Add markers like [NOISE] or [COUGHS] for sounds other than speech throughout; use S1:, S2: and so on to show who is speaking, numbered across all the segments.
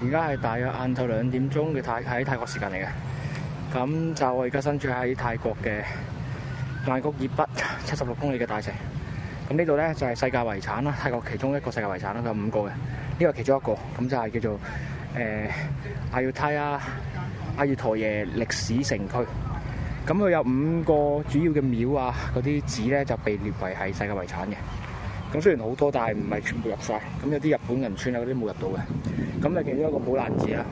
S1: 而家係大約晏晝兩點鐘嘅泰喺泰國時間嚟嘅，咁就我而家身處喺泰國嘅曼谷以北七十六公里嘅大城，咁呢度咧就係、是、世界遺產啦，泰國其中一個世界遺產啦，有五個嘅，呢個其中一個，咁就係叫做誒、呃、阿育他呀阿育陀耶歷史城區，咁佢有五個主要嘅廟啊，嗰啲寺咧就被列為係世界遺產嘅。咁雖然好多，但係唔係全部入晒。咁有啲日本人村，有啲冇入到嘅。咁你見到一個寶蘭寺啦。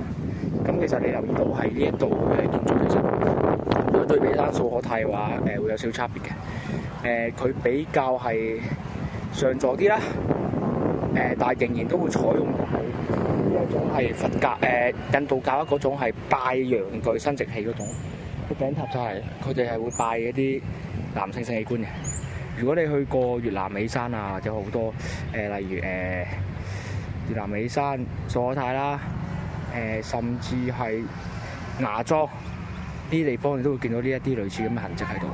S1: 咁其實你留意到係呢一度嘅建築其實，如果對比返素可泰嘅話，會有少少差別嘅。佢比較係上座啲啦，但係仍然都會採用嗰種係佛教、印度教嗰種，係拜陽具生殖器嗰種。個頂塔就係佢哋係會拜一啲男性性器官嘅。如果你去過越南美山啊，或者好多誒、呃，例如誒、呃、越南美山、素泰啦，誒、呃、甚至係芽莊呢啲地方，你都會見到呢一啲類似咁嘅痕跡喺度。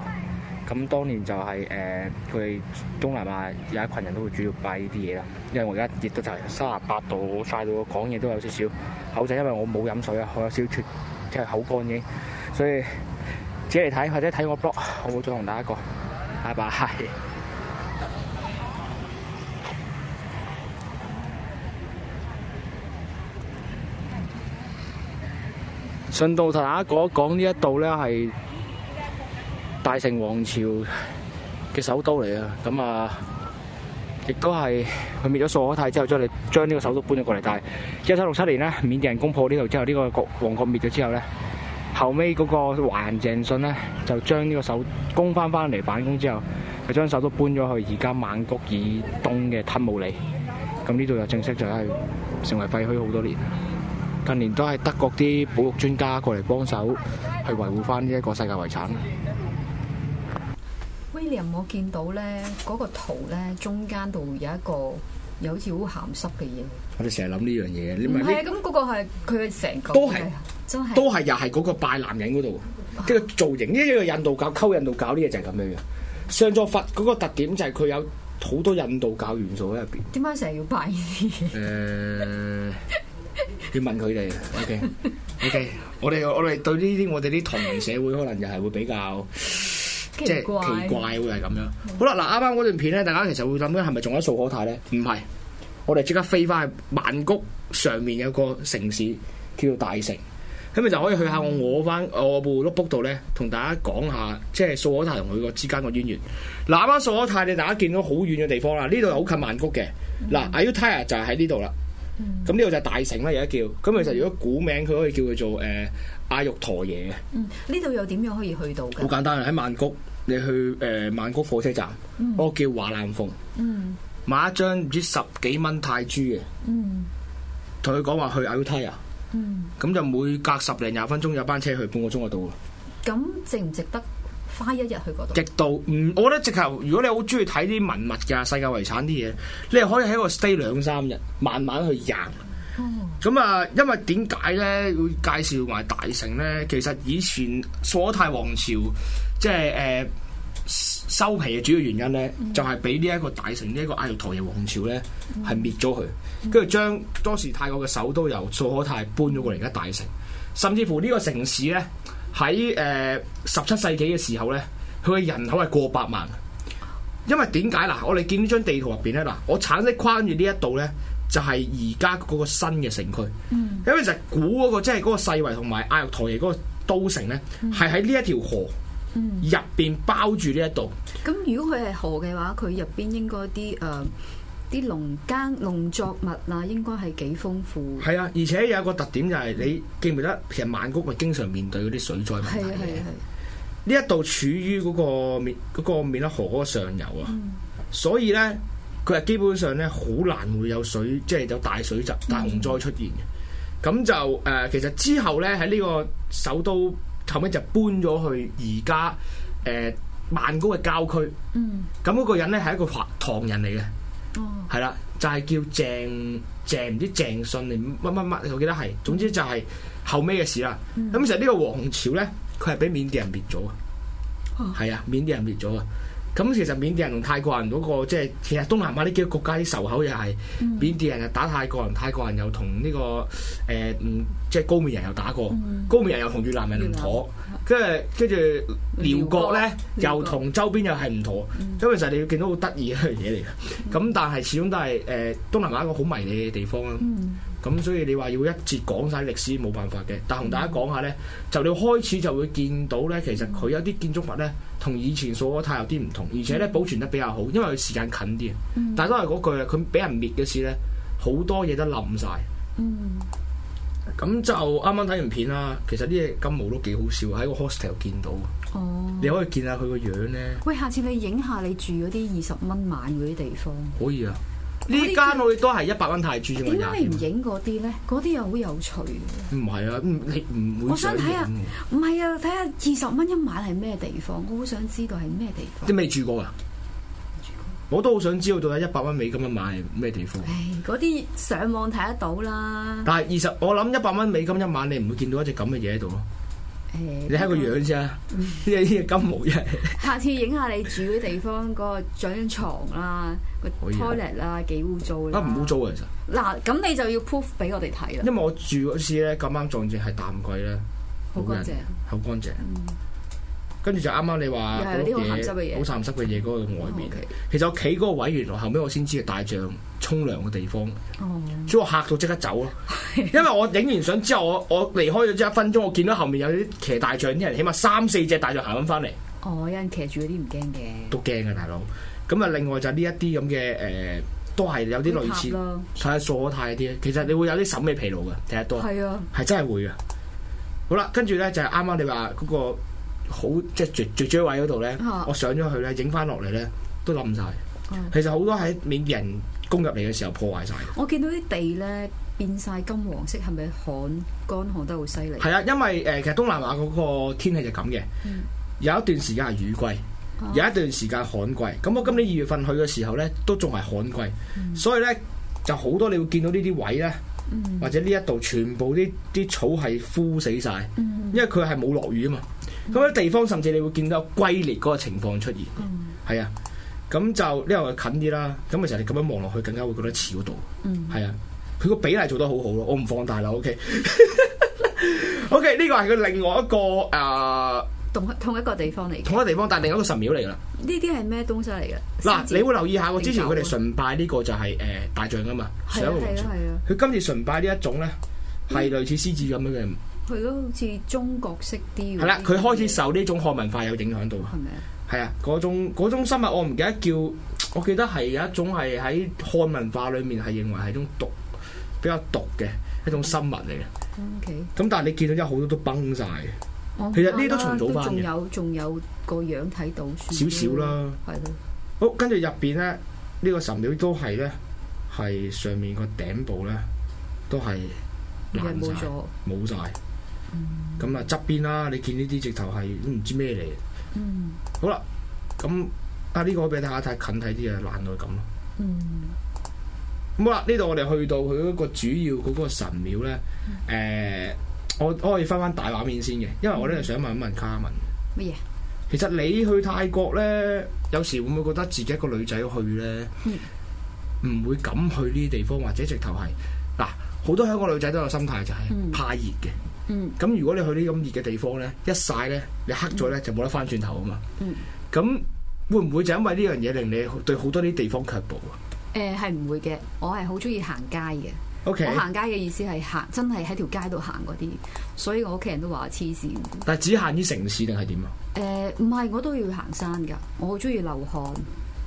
S1: 咁當年就係誒佢東南亞有一群人都會主要拜呢啲嘢啦。因為我而家熱到就係三十八度，晒到講嘢都有少少口仔，因為我冇飲水啊，我有少少脫即係口乾嘅，所以自己嚟睇或者睇我 blog，我會再同大家講。拜拜。順道同大家講一講呢一度咧，係大城王朝嘅首都嚟啊。咁啊，亦都係佢滅咗素可泰之後，將嚟將呢個首都搬咗過嚟。但係一七六七年咧，緬甸人攻破呢度之後，呢個國王國滅咗之後咧。後尾嗰個華人鄭信咧，就將呢個手攻翻翻嚟返工之後，佢將首都搬咗去而家曼谷以東嘅吞武里，咁呢度就正式就係成為廢墟好多年。近年都係德國啲保育專家過嚟幫手去維護翻呢一個世界遺產。
S2: William，我見到咧嗰個圖咧，中間度有一個有好似好鹹濕嘅嘢。
S1: 我哋成日諗呢樣嘢，你咪唔係咁
S2: 嗰個係佢嘅成個都係。都係
S1: 又係嗰個拜男人嗰度，即係哇 造型呢一個印度教，溝印度教呢嘢就係咁樣嘅。上座佛嗰個特點就係佢有好多印度教元素喺入邊。
S2: 點解成日要拜呢啲
S1: 嘢？誒、呃， [LAUGHS] 要問佢哋。O K，O K，我哋我哋對呢啲我哋啲唐人社會可能又係會比較即係奇怪,奇怪會係咁樣。嗯、好啦，嗱啱啱嗰段片咧，大家其實會諗緊係咪仲有素可泰咧？唔係，我哋即刻飛翻去曼谷上面有個城市叫做大城。咁咪就可以去下我我返我部 notebook 度咧，同大家講下，即係素可泰同佢個之間個淵源。嗱，翻素可泰你大家見到好遠嘅地方啦，呢度好近曼谷嘅。嗱 A、嗯、yutthaya 就係喺呢度啦。咁呢度就係大城啦，而家叫。咁其實如果古名，佢可以叫佢做誒、呃、阿玉陀耶
S2: 嘅。呢度、嗯、又點樣可以去到？好簡
S1: 單，喺曼谷，你去誒、呃、曼谷火車站，個、嗯、叫華蘭鳳，嗯、買一張唔知十幾蚊泰銖嘅，同佢講話去 Ayutthaya 嗯，咁就每隔十零廿分鐘有班車去，半個鐘就到喎。
S2: 咁值唔值得花一日去嗰度？值
S1: 得？唔，我覺得直頭，如果你好中意睇啲文物㗎，世界遺產啲嘢，你係可以喺嗰度 stay 兩三日，慢慢去行。哦、嗯。咁啊，因為點解咧會介紹埋大城咧？其實以前鎖泰王朝即係誒。就是呃收皮嘅主要原因咧，嗯、就係俾呢一個大城，呢、這、一個阿玉陀耶王朝咧，係、嗯、滅咗佢，跟住將當時泰國嘅首都由素可泰搬咗過嚟而家大城，甚至乎呢個城市咧喺誒十七世紀嘅時候咧，佢嘅人口係過百萬。因為點解嗱？我哋見呢張地圖入邊咧，嗱，我橙色框住呢一度咧，就係而家嗰個新嘅城區，嗯、因為就係古嗰、那個即係嗰個勢圍同埋阿玉陀耶嗰個都城咧，係喺呢一條河。入邊包住呢一度。
S2: 咁、嗯、如果佢係河嘅話，佢入邊應該啲誒，啲、呃、農耕農作物啊，應該係幾豐富。
S1: 係啊，而且有一個特點就係、是、你記唔記得，其實曼谷咪經常面對嗰啲水災問題嘅。呢一度處於嗰、嗰個嗰個面嗰、嗰個面咧河的上游啊，嗯、所以咧佢係基本上咧好難會有水，即係有大水浸、大洪災出現嘅。咁、嗯、就誒、呃，其實之後咧喺呢個首都。後尾就搬咗去而家誒曼谷嘅郊區，咁嗰、嗯嗯嗰個人咧係一個唐人嚟嘅，係啦、哦，就係、是、叫鄭鄭唔知鄭信定乜乜乜，我記得係，總之就係後尾嘅事啦。咁、嗯嗯嗯、其實呢個王朝咧，佢係俾緬甸人滅咗，係啊、哦，緬甸人滅咗啊。咁其實緬甸人同泰國人嗰、那個即係其實東南亞呢幾個國家啲仇口又係、嗯、緬甸人又打泰國人，泰國人又同呢、這個誒嗯、呃、即係高棉人又打過，嗯、高棉人又同越南人唔妥，跟住跟住寮國咧國又同周邊又係唔妥，嗯、因為其實你要見到好得意嘅嘢嚟嘅，咁、嗯、但係始終都係誒、呃、東南亞一個好迷你嘅地方啦。嗯嗯咁所以你話要一節講晒歷史，冇辦法嘅，但同大家講下咧，嗯、就你開始就會見到咧，其實佢有啲建築物咧，同以前素可泰有啲唔同，而且咧、嗯、保存得比較好，因為佢時間近啲。嗯。但。但都係嗰句啊，佢俾人滅嘅時咧，好多嘢都冧晒。嗯。咁就啱啱睇完片啦，其實啲嘢金毛都幾好笑，喺個 hostel 見到。哦。你可以見下佢個樣咧。
S2: 喂，下次你影下你住嗰啲二十蚊晚嗰啲地方。
S1: 可以啊。間呢間我亦都係一百蚊泰銖先，點解你唔
S2: 影嗰啲咧？嗰啲又好有趣。
S1: 唔係啊，你唔會。我想睇下，
S2: 唔係啊，睇下二十蚊一晚係咩地方？我好想知道係咩地方。你
S1: 未住過啊？住過。我都好想知道到底一百蚊美金一晚係咩地方。唉，
S2: 嗰啲上網睇得到啦。
S1: 但係二十，我諗一百蚊美金一晚，你唔會見到一隻咁嘅嘢喺度咯。唉你睇個樣啫，呢啲係金毛人也。
S2: [LAUGHS] 下次影下你住嘅地方嗰張 [LAUGHS] 床啦，個 toilet、啊、啦，幾污糟咧？啊，唔污糟啊，其實。嗱，咁你就要 proof 俾我哋睇啦。因為我
S1: 住嗰次咧，咁啱撞正係淡季咧，好乾淨，好人、啊、乾淨。嗯跟住就啱啱你話啲好鹹濕嘅嘢，好鹹濕嘅嘢嗰個外面。哦 okay、其實我企嗰個位原來後尾我先知係大象沖涼嘅地方，哦、所以我嚇到即刻走咯。 [LAUGHS] 因為我影完相之後，我我離開咗之後一分鐘，我見到後面有啲騎大象啲人，起碼三四隻大象行緊翻嚟。我、哦、
S2: 有人騎住嗰啲唔驚嘅，
S1: 都驚嘅大佬。咁啊，另外就呢一啲咁嘅誒，都係有啲類似睇下坐態啲。其實你會有啲審美疲勞嘅踢得多，係啊，係真係會嘅。 [LAUGHS] 好啦，跟住咧就係啱啱你話嗰、嗰個好即係最最最位嗰度咧，啊、我上咗去咧，影翻落嚟咧都冧晒。啊、其實好多喺緬甸人攻入嚟嘅時候破壞晒。
S2: 我見到啲地咧變晒金黃色，係咪旱乾旱得好犀利？係
S1: 啊，因為誒、呃，其實東南亞嗰個天氣就咁嘅。嗯、有一段時間係雨季，啊、有一段時間旱季。咁、啊、我今年二月份去嘅時候咧，都仲係旱季，嗯、所以咧就好多你會見到呢啲位咧，或者呢一度全部啲啲草係枯死晒，嗯嗯、因為佢係冇落雨啊嘛。咁樣、嗯、地方，甚至你會見到龜裂嗰個情況出現，係、嗯、啊，咁就呢個近啲啦。咁啊，時候你咁樣望落去，更加會覺得似度，係、嗯、啊。佢個比例做得好好咯，我唔放大啦。O K，O K，呢個係佢另外一個誒同、呃、同一個地方嚟，同一個地方，但係另一個神廟嚟噶啦。
S2: 呢啲係咩東西嚟嘅？嗱，你會留意下，我之前佢
S1: 哋崇拜呢個就係、是、誒、呃、大象啊嘛，係啊佢今次崇拜呢一種咧，係類似獅子咁樣嘅。嗯嗯嗯嗯嗯
S2: 佢都好似中國式啲喎。係啦，佢
S1: 開始受呢種漢文化有影響到。係咪啊？係啊，嗰種，種生物，我唔記得叫，我記得係有一種係喺漢文化裏面係認為係一種毒比較毒嘅一種生物嚟嘅、嗯。OK。咁但係你見到有好多都崩晒。
S2: 哦、其實呢都重組翻仲、嗯、有仲有個樣睇到少少啦。係
S1: 咯了。好、喔，跟住入邊咧，這個、呢個神廟都係咧，係上面個頂部咧都係冇咗，冇晒。咁、嗯、啊，側邊啦，你見呢啲直頭係都唔知咩嚟。
S2: 嗯，
S1: 好啦，咁啊呢個我俾大家睇近睇啲啊，爛到咁咯。嗯，咁好啦，呢度我哋去到佢嗰個主要嗰個神廟咧。誒、嗯欸，我可以翻翻大畫面先嘅，因為我咧想問一問家汶
S2: 乜嘢？
S1: 其實你去泰國咧，有時會唔會覺得自己一個女仔去咧、唔、嗯、會敢去呢啲地方，或者直頭係嗱，好多香港女仔都有心態，就係怕熱嘅。嗯，咁如果你去啲咁熱嘅地方咧，一曬咧，你黑咗咧、嗯、就冇得翻轉頭啊嘛。嗯，咁會唔會就因為呢樣嘢令你對好多啲地方卻步
S2: 啊？誒、呃，係唔會嘅，我係好中意行街嘅。OK，我行街嘅意思係行真係喺條街度行嗰啲，所以我屋企人都話黐線。
S1: 但係只限於城市定係點啊？
S2: 誒、呃，唔係，我都要行山噶。我好中意流汗，誒、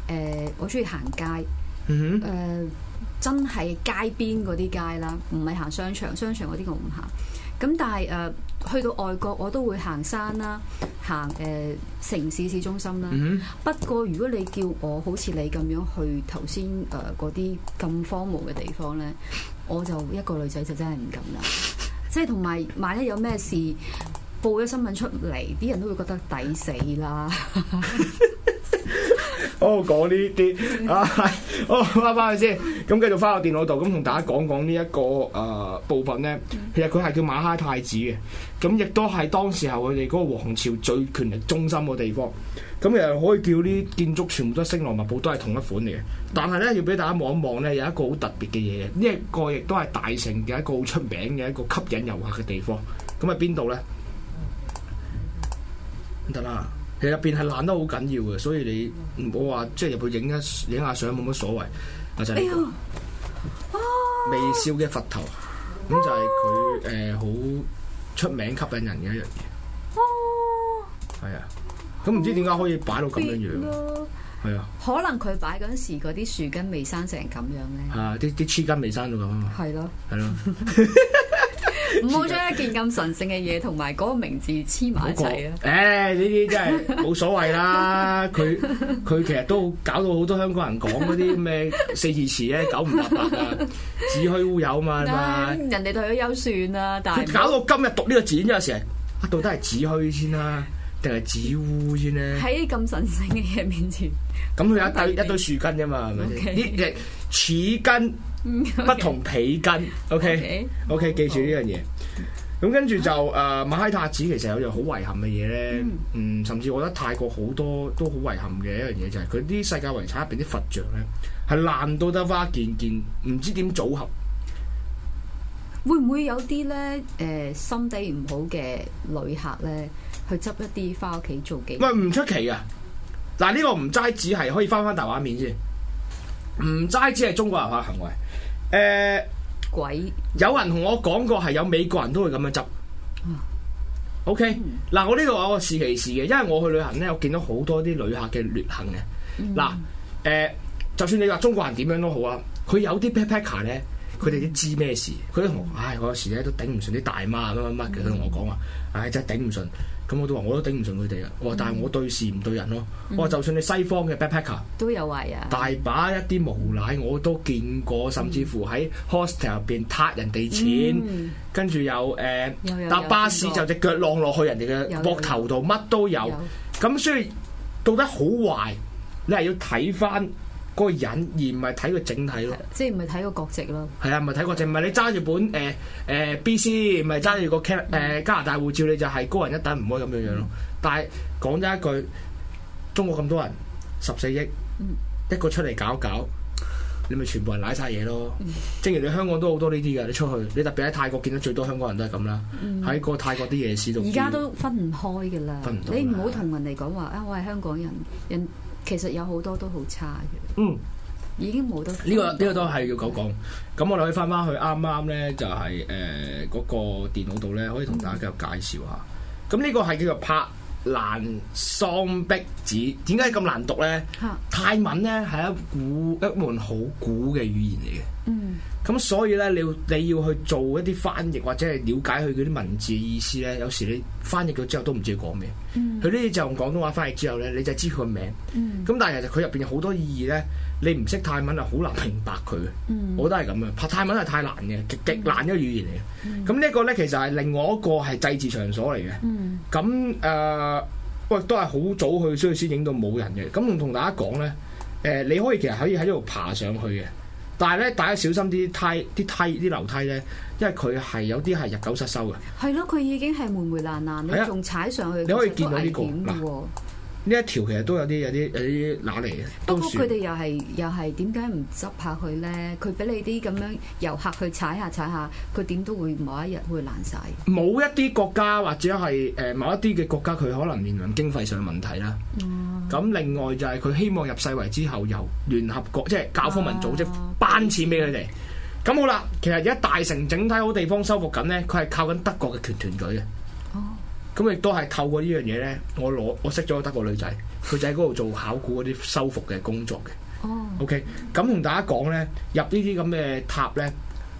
S2: 呃，我中意行街，嗯
S1: 哼，誒、呃，
S2: 真係街邊嗰啲街啦，唔係行商場，商場嗰啲我唔行。咁但係誒、呃、去到外國我都會行山啦，行誒、呃、城市市中心啦。Mm hmm. 不過如果你叫我好似你咁樣去頭先誒嗰啲咁荒蕪嘅地方呢，我就一個女仔就真係唔敢啦。即係同埋萬一有咩事報咗新聞出嚟，啲人都會覺得抵死啦。 [LAUGHS] [LAUGHS]
S1: 哦，講呢啲啊，哦翻翻去先，咁繼續翻個電腦度，咁同大家講講呢一個誒、呃、部分咧，其實佢係叫馬哈太子嘅，咁亦都係當時候佢哋嗰個皇朝最權力中心嘅地方，咁又可以叫呢啲建築全部都係星羅密布，都係同一款嚟嘅，但係咧要俾大家望一望咧，有一個好特別嘅嘢，呢、這個、一個亦都係大城嘅一個好出名嘅一個吸引遊客嘅地方，咁喺邊度咧？得啦。其實入邊係爛得好緊要嘅，所以你唔好話即係入去影一影下相冇乜所謂。阿仔呢個微笑嘅佛頭，咁、啊、就係佢誒好出名吸引人嘅一樣嘢。係啊，咁唔、啊、知點解可以擺到咁樣樣？係啊，啊
S2: 可能佢擺嗰陣時嗰啲樹根未生成咁樣咧。
S1: 吓、啊，啲啲枝根未生到咁樣啊。係咯，係咯。
S2: 唔好將一件咁神聖嘅嘢同埋嗰個名字黐埋一
S1: 齊啊！誒， [LAUGHS] 呢、欸、啲真係冇所謂啦。佢佢 [LAUGHS] 其實都搞到好多香港人講嗰啲咩四字詞咧、啊，九唔搭八嘅、啊，子虛烏有嘛嘛。 [LAUGHS] 吧
S2: 人哋對佢有優算啦、啊，但係搞
S1: 到今日讀呢個字，有陣時啊，到底係子虛先啦，定係子烏先咧？喺
S2: 咁神聖嘅嘢面前，
S1: 咁佢有一堆一堆樹根啫嘛，係咪？呢隻樹根。不同皮筋，OK，OK，記住呢樣嘢。咁跟住就誒，買 [COUGHS] 塔子其實有樣好遺憾嘅嘢咧，嗯，甚至我覺得泰國好多都好遺憾嘅一樣嘢，就係佢啲世界遺產入邊啲佛像咧，係爛到得花件件，唔知點組合。
S2: 會唔會有啲咧？誒、呃，心地唔好嘅旅客咧，去執一啲翻屋企做紀念？喂，唔出奇
S1: 啊！嗱，呢個唔齋只係可以翻翻大畫面先，唔齋只係中國人嘅行為。誒，呃、鬼！有人同我講過係有美國人都會咁樣執。O K，嗱，okay? 我呢度有個時其事嘅，因為我去旅行咧，我見到好多啲旅客嘅劣行嘅。嗱，誒、呃，就算你話中國人點樣都好啊，佢有啲 backpacker 咧，佢哋都知咩事？佢同，唉、哎，我有時咧都頂唔順啲大媽乜乜乜嘅，佢同我講話，唉、哎，真係頂唔順。咁我都話我都頂唔順佢哋啊！我話但係我對事唔對人咯。嗯、我話就算你西方嘅 backpacker
S2: 都有壞啊，大
S1: 把一啲無賴我都見過，甚至乎喺 hostel 入邊撻人哋錢，嗯、跟住又誒搭巴士就隻腳攞落下去人哋嘅膊頭度，乜都有。咁有所以到底好壞，你係要睇翻。嗰個人而唔係睇個整體咯，
S2: 即係唔係睇個國籍咯？
S1: 係啊，唔係睇國籍，唔係你揸住本誒誒 B、C，唔係揸住個 c、呃、加拿大護照，你就係高人一等唔可以咁樣樣咯。嗯、但係講咗一句，中國咁多人，十四億，嗯、一個出嚟搞搞，你咪全部人攋晒嘢咯。嗯、正如你香港都好多呢啲噶，你出去，你特別喺泰國見到最多香港人都係咁啦。
S2: 喺、嗯、個泰國
S1: 啲夜市度，而家都
S2: 分唔開噶啦。你唔好同人哋講話啊！我係香港人，人。其實有好多都好差嘅，嗯，已經冇得。呢、呢個呢、
S1: 呢個都係要講講。咁對我哋可以翻翻去啱啱咧，就係誒嗰個電腦度咧，可以同大家繼續介紹下。咁呢、嗯、個係叫做拍蘭桑壁紙，點解咁難讀咧？哈泰文咧係一古一門好古嘅語言嚟嘅。嗯，咁所以咧，你要你要去做一啲翻譯或者係了解佢嗰啲文字意思咧，有時你翻譯咗之後都唔知佢講咩。佢呢啲就用廣東話翻譯之後咧，你就知佢個名。咁、嗯、但係其實佢入邊有好多意義咧，你唔識泰文係好難明白佢。嗯、我覺得係咁樣，拍泰文係太難嘅，極極難一個語言嚟嘅。咁、嗯、呢個咧，其實係另外一個係祭祀場所嚟嘅。嗯，咁誒，喂、呃，都係好早去，所以先影到冇人嘅。咁同大家講咧，誒、呃，你可以其實可以喺呢度爬上去嘅。但係咧，大家小心啲梯，啲梯啲樓梯咧，因為佢係有啲係日久失修嘅。
S2: 係咯，佢 [NOISE] 已經係霉霉爛爛，你仲踩上去，你可以見到呢、呢個。
S1: 呢一條其實都有啲有啲有啲攔嚟嘅，不過佢哋
S2: 又係又係點解唔執下佢咧？佢俾你啲咁樣遊客去踩下踩下，佢點都會某一日會爛曬。
S1: 冇一啲國家或者係誒某一啲嘅國家，佢可能面臨經費上問題啦。哦，咁另外就係佢希望入世遺之後由聯合國即係教科文組織頒錢俾佢哋。咁好啦，其實而家大城整體好地方修復緊咧，佢係靠緊德國嘅權團隊嘅。哦。咁亦都係透過呢樣嘢咧，我攞我識咗得個女仔，佢就喺嗰度做考古嗰啲修復嘅工作嘅。哦，OK，咁同大家講咧，入呢啲咁嘅塔咧，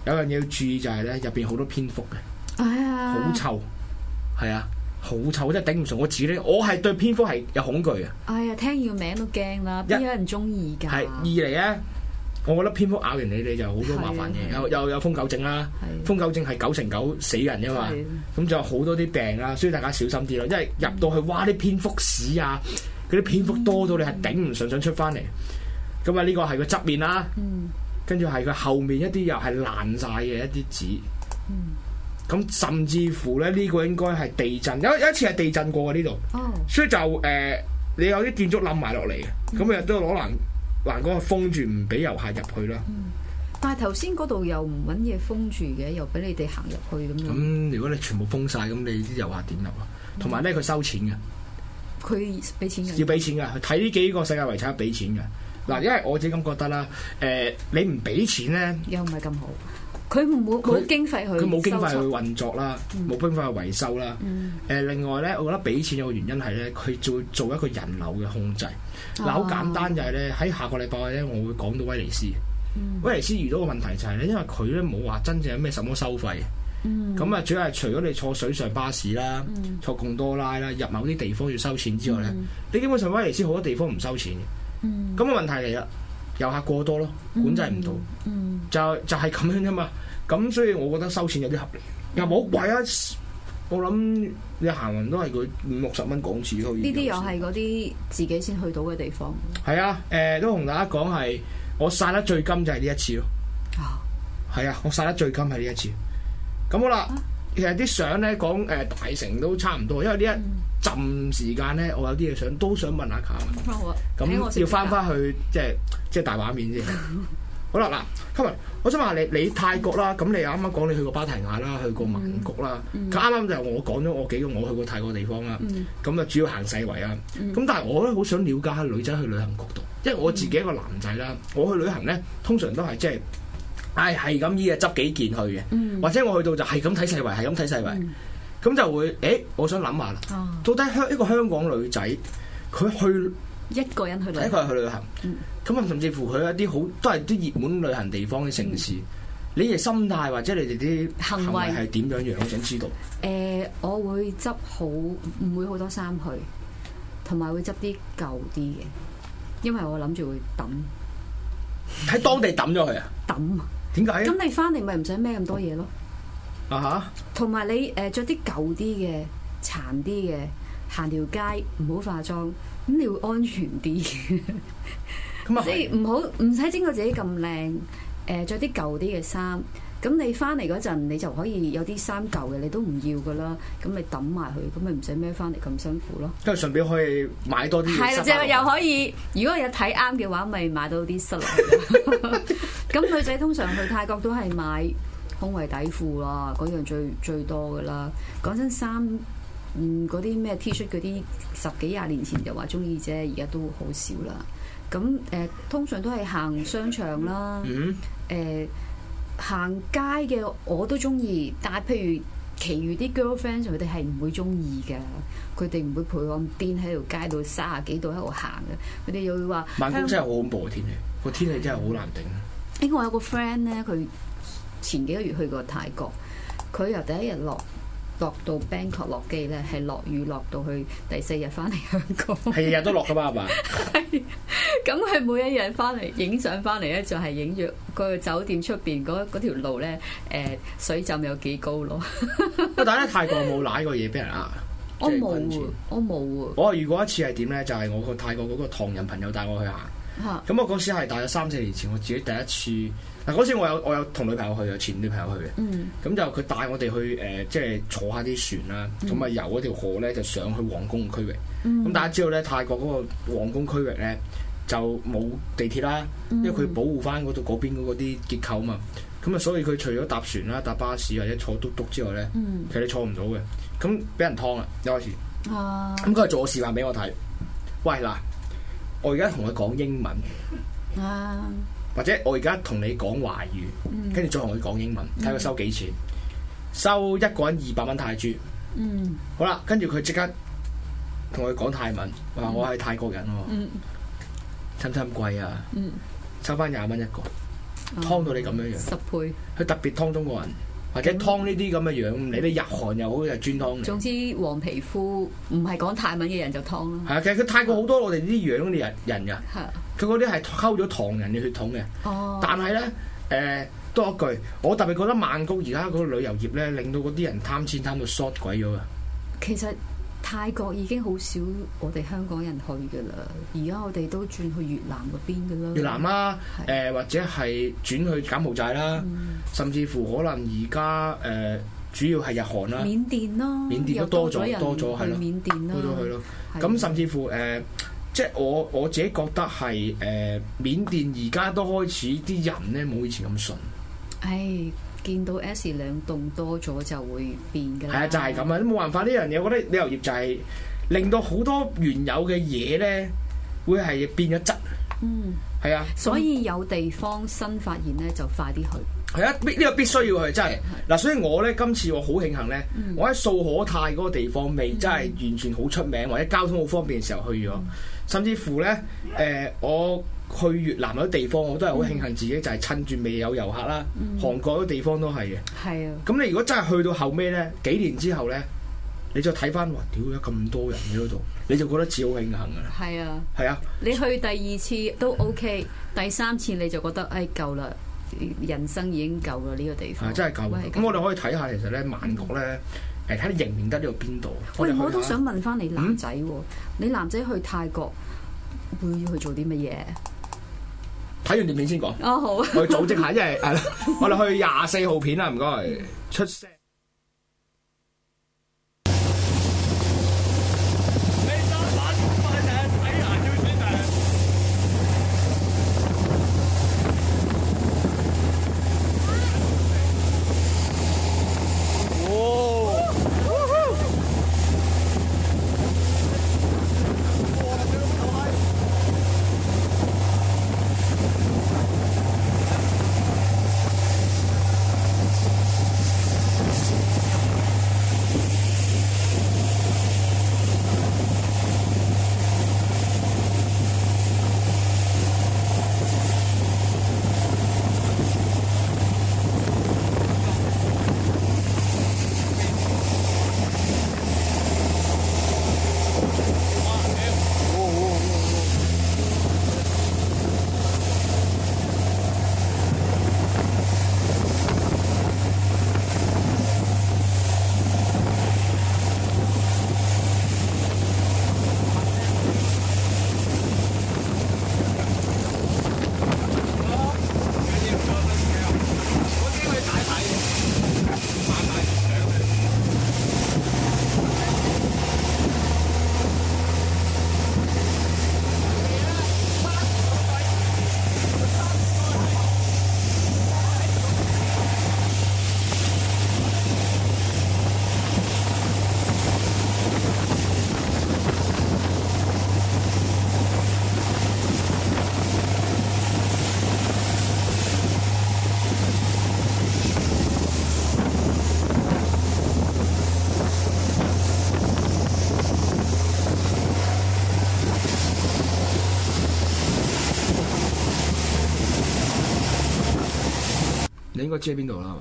S1: 有樣嘢要注意就係咧，入邊好多蝙蝠嘅，
S2: 好臭，
S1: 係啊，好臭，真係頂唔順我自己咧，我係對蝙蝠係有恐懼嘅。
S2: 哎呀，聽要名都驚啦，邊有人中意㗎？係，二
S1: 嚟咧。我覺得蝙蝠咬完你，你就好多麻煩嘢，又是、啊、有瘋狗症啦，瘋狗症係九成九死人嘅嘛，咁是、啊、就好多啲病啦、啊，所以大家小心啲咯，因為入到去，嘩啲蝙蝠屎啊，嗰啲蝙蝠多到你係頂唔順，嗯嗯想出翻嚟。咁啊，呢個係個側面啦，跟住係佢後面一啲又係爛晒嘅一啲紙，咁、嗯、甚至乎咧呢、這個應該係地震，有有一次係地震過嘅呢度，哦、所以就誒、呃、你有啲建築冧埋落嚟，咁又都攞難。嗯嗯嗱，嗰個封住唔俾遊客入去啦。嗯，
S2: 但係頭先嗰度又唔揾嘢封住嘅，又俾你哋行入去咁樣。
S1: 咁、嗯、如果你全部封晒，咁你啲遊客點入啊？同埋咧，佢收錢嘅。
S2: 佢俾錢嘅。要
S1: 俾錢噶，佢睇呢幾個世界遺產，要俾錢嘅。嗱，因為我自己咁覺得啦。誒、呃，你唔俾錢咧，又唔係咁好。佢唔冇冇經
S2: 費去，佢冇經費去運
S1: 作啦，冇、嗯、經費去維修啦。誒、嗯，另外咧，我覺得俾錢嘅原因係咧，佢做做一個人流嘅控制。
S2: 嗱、啊，好簡
S1: 單就係咧，喺下個禮拜咧，我會講到威尼斯。嗯、威尼斯遇到個問題就係咧，因為佢咧冇話真正有咩什麼收費。咁啊、嗯，主要係除咗你坐水上巴士啦、嗯、坐貢多拉啦，入某啲地方要收錢之外咧，嗯、你基本上威尼斯好多地方唔收錢嘅。咁、嗯、個問題嚟啦。遊客過多咯，管制唔到，嗯嗯、就就係、是、咁樣啫嘛。咁所以我覺得收錢有啲合理，又冇貴啊。我諗你行雲都係佢五六十蚊港紙去。呢啲又係
S2: 嗰啲自己先去到嘅地方。
S1: 係啊，誒、呃、都同大家講係，我曬得最金就係呢一次咯。啊，係啊，我曬得最金係呢一次。咁好啦。啊其實啲相咧，講誒大城都差唔多，因為呢一陣時間咧，我有啲嘢想都想問下卡文。
S2: 咁要
S1: 翻翻去即係即係大畫面先。好啦，嗱，今日我想問下你，你泰國啦，咁你啱啱講你去過芭提雅啦，去過曼谷啦。卡文，就我講咗我幾個我去過泰國地方啦。咁，啊主要行世圍啊。咁但係我都好想了解下女仔去旅行角度，因為我自己一個男仔啦，我去旅行咧通常都係即係。唉，係咁依嘅，執幾件去嘅，或者我去到就係咁睇世圍，係咁睇世圍，咁、嗯、就會誒、欸，我想諗下啦，到底香呢個香港女仔，佢去
S2: 一個人去一個人去
S1: 旅行，咁啊、嗯，甚至乎佢一啲好都係啲熱門旅行地方嘅城市，你哋心態或者你哋啲行為係點樣樣？我想知道。
S2: 誒、呃，我會執好唔會好多衫去，同埋會執啲舊啲嘅，因為我諗住會抌
S1: 喺當地抌咗佢啊，
S2: 抌。 [LAUGHS] 點解？咁你翻嚟咪唔使孭咁多嘢咯。啊哈！同埋你誒著啲舊啲嘅殘啲嘅，行條街唔好化妝，咁你會安全啲。所以唔好唔使整到自己咁靚，誒著啲舊啲嘅衫。咁你翻嚟嗰陣，你就可以有啲衫舊嘅，你都唔要噶啦，咁咪抌埋佢，咁咪唔使孭翻嚟咁辛苦咯。
S1: 即係順便可以買多啲嘢。係啦吧，即係
S2: 又可以，如果有睇啱嘅話，咪買到啲塞落去。咁女仔通常去泰國都係買胸圍底褲啦，嗰樣最最多噶啦。講真，衫、嗯嗰啲咩 T 恤嗰啲，十幾廿年前就話中意啫，而家都好少啦。咁誒、呃，通常都係行商場啦。嗯。誒、嗯。行街嘅我都中意，但係譬如其餘啲 girlfriends 佢哋係唔會中意噶，佢哋唔會陪我咁癲喺條街度三十幾度喺度行嘅，佢哋又會話，曼谷真係好
S1: 恐怖嘅天氣，個天氣真係好難頂。
S2: 應該我有個 friend 咧，佢前幾個月去過泰國，佢由第一日落。落到 Bangkok 落機咧，係落雨落到去第四日翻嚟香港，係日 [LAUGHS] 日都落㗎
S1: 嘛係嘛？係 [LAUGHS] ，
S2: 咁佢每一日翻嚟影相翻嚟咧，就係影住個酒店出邊嗰條路咧，誒、呃、水浸有幾高咯。啊！但係
S1: 泰國冇瀨過嘢俾人 [LAUGHS] 啊！我冇喎、啊，我冇喎。我如果一次係點咧，就係、是、我個泰國嗰個唐人朋友帶我去行。咁我嗰時係大約三四年前，我自己第一次嗱嗰時我有我有同女朋友去，有前女朋友去嘅。咁就佢帶我哋去誒，即、呃、係、就是、坐下啲船啦，咁啊、嗯、遊嗰條河咧，就上去皇宮嘅區域。咁、嗯、大家知道咧，泰國嗰個皇宮區域咧就冇地鐵啦，因為佢保護翻嗰度嗰邊嗰啲結構啊嘛。咁啊，所以佢除咗搭船啦、搭巴士或者坐嘟嘟之外咧，其實你坐唔到嘅。咁俾、嗯、人劏啊，一開始。咁佢係做個示範俾我睇。喂嗱。我而家同佢講英文，啊、或者我而家同你講華語，跟住、嗯、再同佢講英文，睇佢、嗯、收幾錢？收一個人二百蚊泰銖，嗯，好啦，跟住佢即刻同佢講泰文，話我係泰國人，嗯，使唔使咁貴啊？收翻廿蚊一個，
S2: 劏到你咁樣樣、嗯，十
S1: 倍。佢特別劏中國人。或者湯呢啲咁嘅樣，你咧日韓又好又、就係、專湯嘅。總
S2: 之黃皮膚唔係講泰文嘅人就湯啦。
S1: 係啊，其實佢泰國好多我哋呢啲樣嘅人、啊、人㗎。係佢嗰啲係溝咗唐人嘅血統嘅。哦、啊。
S2: 但係
S1: 咧，誒、呃、多一句，我特別覺得曼谷而家嗰個旅遊業咧，令到嗰啲人貪錢貪到 short 鬼咗啊。其實。
S2: 泰國已經好少我哋香港人去嘅啦，而家我哋都轉去越南嗰邊嘅啦。越南啦、
S1: 啊，誒是、呃、或者係轉去柬埔寨啦，嗯、甚至乎可能而家誒主要係日韓啦、緬
S2: 甸啦，緬甸都多咗多咗，係咯，多咗去咯。
S1: 咁是甚至乎誒、呃，即係我我自己覺得係誒、呃、緬甸而家都開始啲人咧冇以前咁順。
S2: 係。見到 S 兩棟多咗就會變㗎啦。係啊，
S1: 就係咁啊，都冇辦法。呢樣嘢，我覺得旅遊業就係、是、令到好多原有嘅嘢咧，會係變咗質。
S2: 嗯，
S1: 係啊。所以
S2: 那有地方新發現咧，就快啲去。
S1: 係啊，呢、這個必須要去，真係。嗱，所以我咧今次我好慶幸咧，嗯、我喺素可泰嗰個地方未真係完全好出名、嗯、或者交通好方便嘅時候去咗，嗯、甚至乎咧誒、呃、我。去越南嗰啲地方，我都係好慶幸自己，嗯、就係趁住未有遊客啦。嗯、韓國嗰啲地方都係嘅。係啊。咁你如果真係去到後尾咧，幾年之後咧，你就睇翻，哇！屌，咁多人喺嗰度，你就覺得自己好慶幸啦。係啊。係啊。
S2: 你去第二次都 OK，第三次你就覺得哎夠啦，人生已經夠啦呢、呢個地方。啊、真係夠。咁喂我哋可
S1: 以睇下其實咧，曼谷咧，誒睇你認唔認得呢個邊度？喂，我都想
S2: 問翻你男仔喎，嗯、你男仔去泰國會去做啲乜嘢？
S1: 睇完電影先講哦，好啊， [LAUGHS] 我組織下，因為係啦，我哋去廿四號片啦，唔該，嗯、出聲。應該知喺邊度啦，係
S2: 嘛？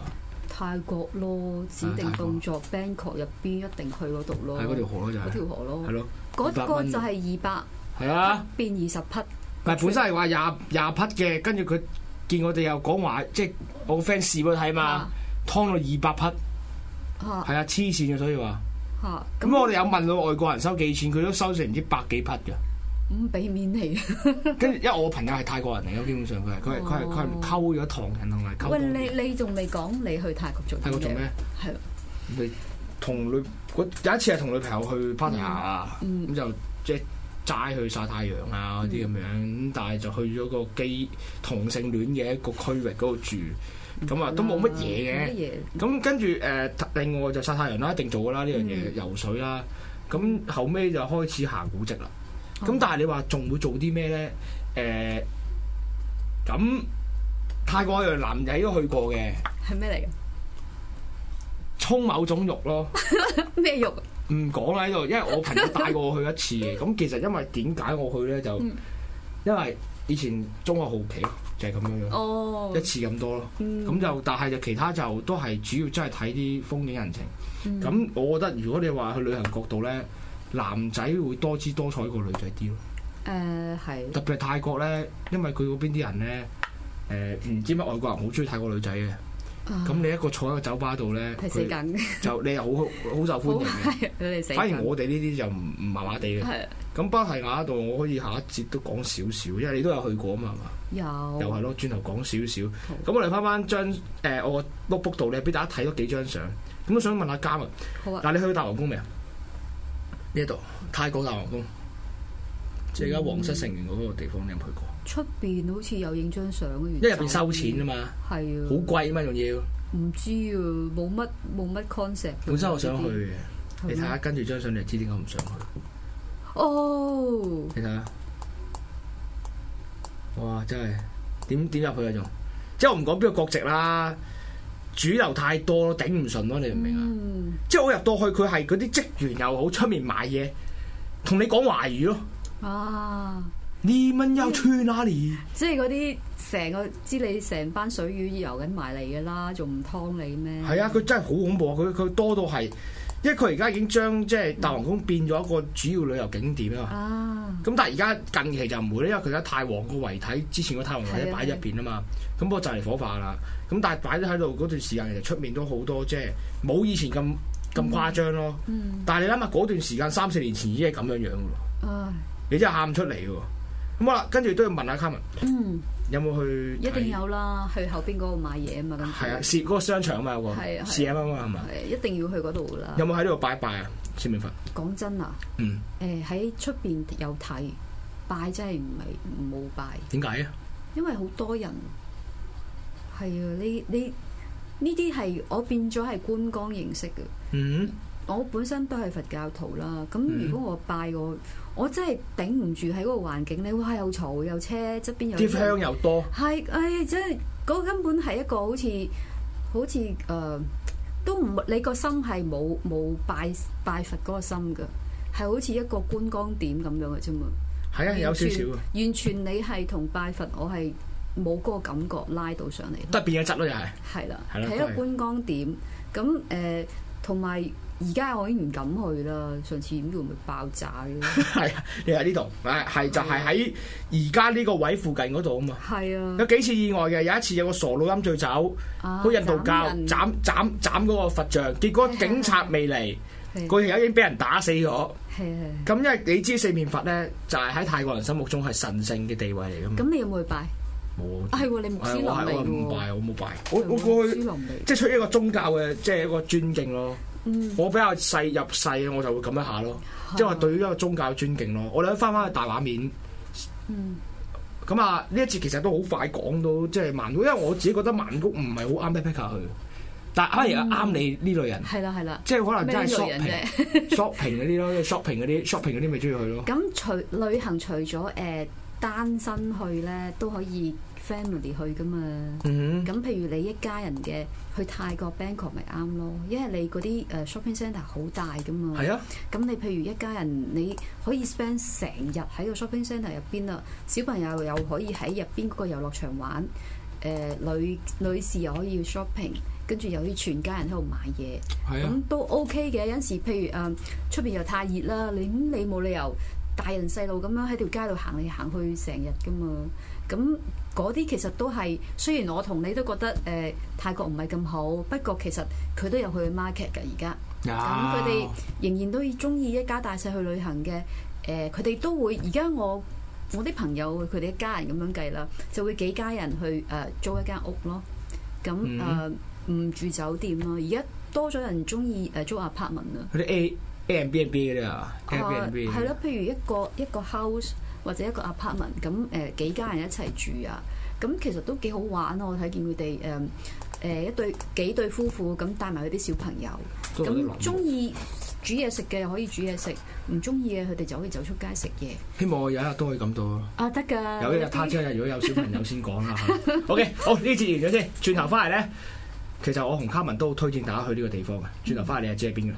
S2: 泰國咯，指定動作、啊、Bangkok 入邊一定去嗰度咯。喺嗰條河就
S1: 係嗰條河咯。係咯，嗰個就係二百。係、就是、啊，
S2: 變二十匹。
S1: 唔係本身係話廿廿匹嘅，跟住佢見我哋又講話，即係我個 friend 試過睇嘛，劏到二百匹。吓，係啊，黐線嘅，所以話咁、啊、我哋有問到外國人收幾錢，佢都收成唔知百幾匹嘅。唔俾面你，跟住，因為我朋友係泰國人嚟㗎，基本上佢係佢係佢係佢係溝咗唐人同埋溝。喂，
S2: 你你仲未講你去泰國做？泰國做咩？係
S1: 咯的，你同女，有一次係同女朋友去 party 吓，咁、嗯嗯、就即係齋去晒太陽啊啲咁、嗯、樣，咁但係就去咗個基同性戀嘅一個區域嗰度住，咁啊、嗯、都冇乜嘢嘅，咁麼跟住誒、呃、另外就晒太陽啦，一定做㗎啦呢樣嘢，游、嗯、水啦，咁後尾就開始行古蹟啦。咁、嗯、但係你話仲會做啲咩咧？誒、呃，咁泰國樣男仔都去過嘅，
S2: 係咩嚟嘅？
S1: 冲某種肉咯，
S2: 咩 [LAUGHS] 肉？
S1: 唔講喇呢度，因為我朋友帶過我去一次嘅。咁 [LAUGHS] 其實因為點解我去咧就，嗯、因為以前中學好奇就係咁樣樣。哦，一次咁多咯，咁、嗯、就但係就其他就都係主要真係睇啲風景人情。咁、嗯、我覺得如果你話去旅行角度咧。男仔會多姿多彩過女仔啲咯，
S2: 誒係、uh, 是，特
S1: 別係泰國咧，因為佢嗰邊啲人咧，誒、呃、唔知乜外國人好中意泰國女仔嘅，
S2: 咁、uh, 你
S1: 一個坐喺個酒吧度咧，死、呃、就、呃、就你又好好受歡迎， [LAUGHS] 好反而我哋呢啲就唔麻麻地嘅，係，咁巴提雅度我可以下一節都講少少，因為你都有去過啊嘛，
S2: 有，又係
S1: 咯，轉頭講少少，咁好我哋翻翻張誒我 notebook 度咧，俾大家睇多幾張相，咁想問，問下嘉文，好啊，嗱你去大皇宮未啊？呢度泰國大皇宮，即係而家皇室成員嗰個地方，你有冇去過？
S2: 出邊好似有影張相，因為入邊收錢啊嘛，係的啊，好貴啊嘛，仲要唔知啊，冇乜冇乜 concept。本身我想去嘅，你
S1: 睇下跟住張相，你知點解唔想去？哦，oh. 你睇下，哇，真係點點入去啊？仲即係我唔講邊個國籍啦。主流太多咯，頂唔順咯，你明唔明啊？嗯，即係我入到去，佢係嗰啲職員又好，出面買嘢，同你講華語咯。
S2: 啊！
S1: 呢蚊又串下你，
S2: 即係嗰啲成個知你成班水魚遊緊埋嚟嘅啦，仲唔劏你咩？係啊，
S1: 佢真係好恐怖，佢佢多到係。因為佢而家已經將即係大皇宮變咗一個主要旅遊景點啊嘛。咁但係而家近期就唔會，因為佢而家泰皇個遺體，之前個泰皇遺體擺入邊啊嘛，咁的不過就嚟火化啦。咁但係擺咗喺度嗰段時間，其實出面都好多，即係冇以前咁咁誇張咯。嗯嗯、但係你諗下嗰段時間三四年前已經係咁樣樣噶、啊、你真係喊唔出嚟噶！咁好啦，跟住都要問下家汶。有冇去？一定有
S2: 啦，去後邊嗰度買嘢啊嘛，咁住
S1: 係啊，嗰個商場啊嘛，係是是 啊，試嘢啊嘛，係嘛，一
S2: 定要去嗰度噶啦。有冇
S1: 喺呢度拜拜啊？清明墳？
S2: 講真啊，嗯，誒、呃，喺出邊有睇拜，拜，真係唔係冇拜。點解啊？因為好多人係啊，你你呢啲係我變咗係觀光形式噶。嗯。我本身都係佛教徒啦，咁如果我拜過，我真係頂唔住喺嗰個環境，你哇！又嘈又車側邊又，啲香又多，係誒，即係嗰根本係一個好似好似誒、呃，都唔你個心係冇冇拜拜佛嗰個心嘅，係好似一個觀光點咁樣嘅啫嘛。
S1: 係啊，全有少少。
S2: 完全你係同拜佛，我係冇嗰個感覺拉到上嚟，
S1: 得係變咗質咯，又、就、係、是。
S2: 係啦、啊，係一個觀光點。咁誒，同埋。而家我已經唔敢去啦。上次點會爆炸嘅？
S1: 係你喺呢度，係就係喺而家呢個位附近嗰度啊嘛。係啊，有幾次意外嘅。有一次有個傻佬飲醉酒去印度教斬斬斬嗰個佛像，結果警察未嚟，佢已經俾人打死咗。係咁因為你知四面佛咧，就係喺泰國人心目中係神聖嘅地位嚟噶嘛。咁
S2: 你有冇去拜？冇啊。你唔知穆斯林嚟唔拜，
S1: 我冇拜。我我過去即係出於一個宗教嘅，即係一個尊敬咯。我比較細入世我就會咁一下咯，是啊、即係話對於一個宗教尊敬咯。我哋翻翻去大畫面，咁、嗯、啊呢一次其實都好快講到，即係曼谷，因為我自己覺得曼谷唔係好啱 Peter 去，但係反而啱你呢類人，係啦係啦，即係可能真係 shopping、啊、shopping 嗰啲咯，shopping 嗰啲、shopping 嗰啲咪中意去咯。
S2: 咁除旅行除咗誒、呃、單身去咧，都可以，family 去噶嘛，咁、mm hmm. 譬如你一家人嘅去泰國 Bangkok 咪啱咯，因為你嗰啲誒、呃、shopping center 好大噶嘛，係啊。咁你譬如一家人你可以 spend 成日喺個 shopping center 入邊啦，小朋友又可以喺入邊嗰個遊樂場玩，誒、呃、女女士又可以 shopping，跟住又啲全家人喺度買嘢，係啊，咁都 OK 嘅。有陣時譬如誒出邊又太熱啦，你你冇理由大人細路咁樣喺條街度行嚟行去成日噶嘛，咁。嗰啲其實都係，雖然我同你都覺得誒、呃、泰國唔係咁好，不過其實佢都有去 market 㗎而家。咁佢哋仍然都中意一家大細去旅行嘅。誒、呃，佢哋都會而家我我啲朋友佢哋一家人咁樣計啦，就會幾家人去誒、呃、租一間屋咯。咁誒唔住酒店啦，而家多咗人中意誒租 apartment 啦。
S1: 嗰啲 A A and B and B 嗰啲啊？啊，係咯，
S2: 譬如一個一個 house。或者一個 apartment 咁、嗯、誒、呃、幾家人一齊住啊，咁、嗯、其實都幾好玩啊。我睇見佢哋誒誒一對幾對夫婦咁、嗯、帶埋佢啲小朋友，
S1: 咁中
S2: 意煮嘢食嘅可以煮嘢食，唔中意嘅佢哋就可以走出街食嘢。
S1: 希望我有一日都可以咁到
S2: 啊！啊，得㗎，有一日他朝
S1: 一日，如果有小朋友先講啦 [LAUGHS] OK，好次呢節完咗先，轉頭翻嚟咧，其實我同卡文都推薦大家去呢個地方嘅。轉頭翻嚟你係知喺邊㗎啦。